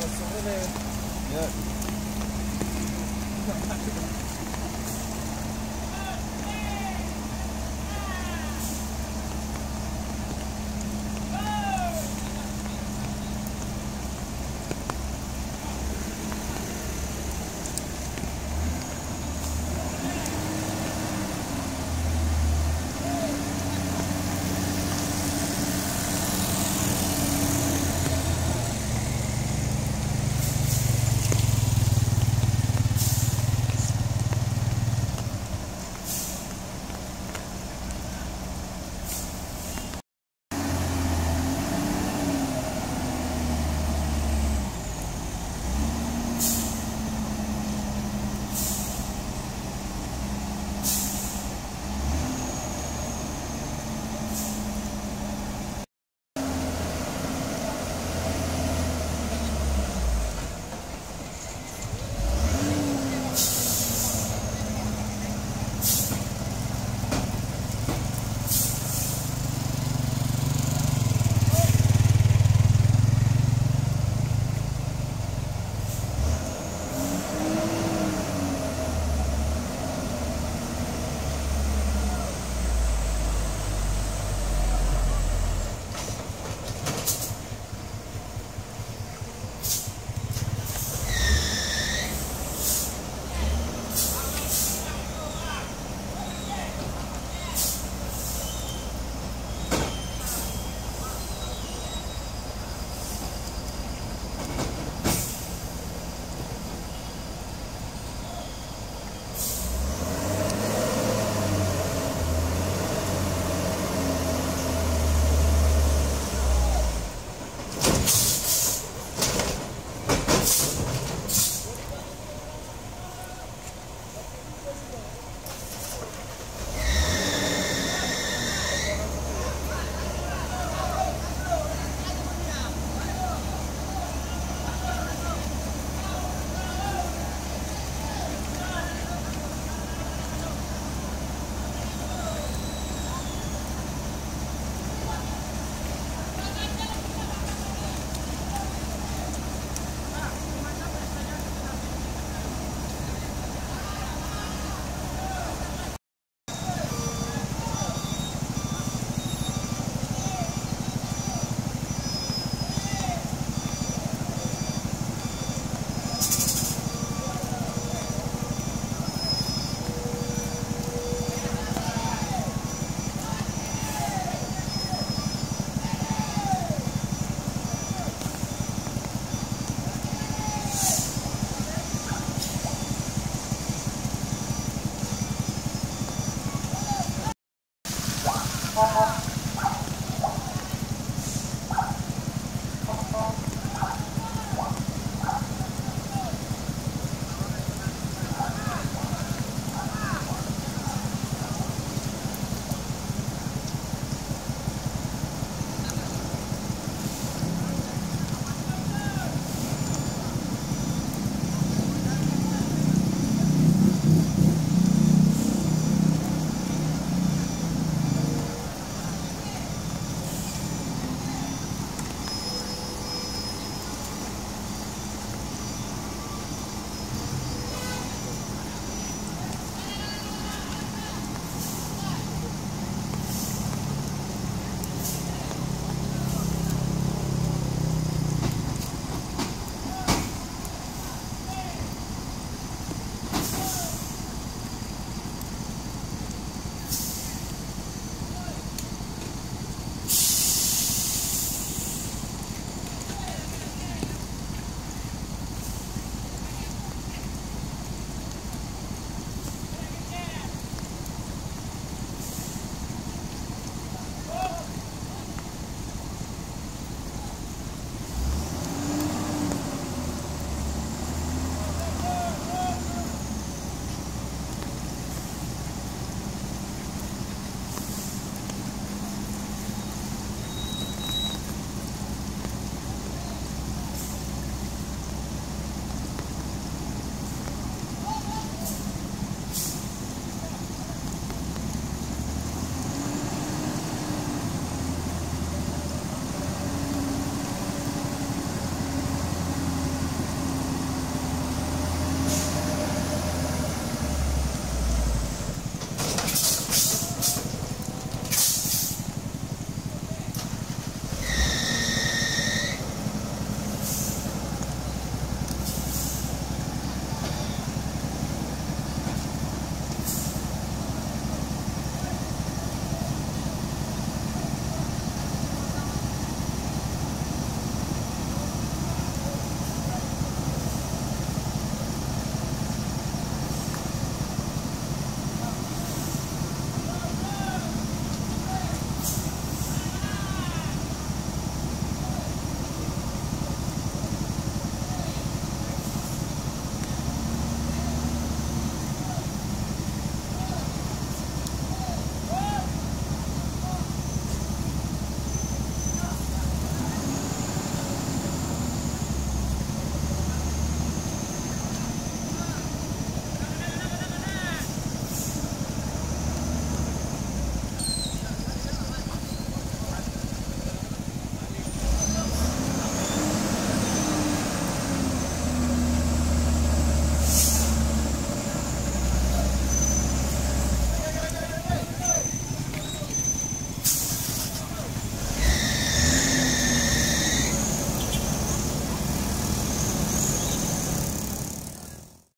That's all it is. Yeah.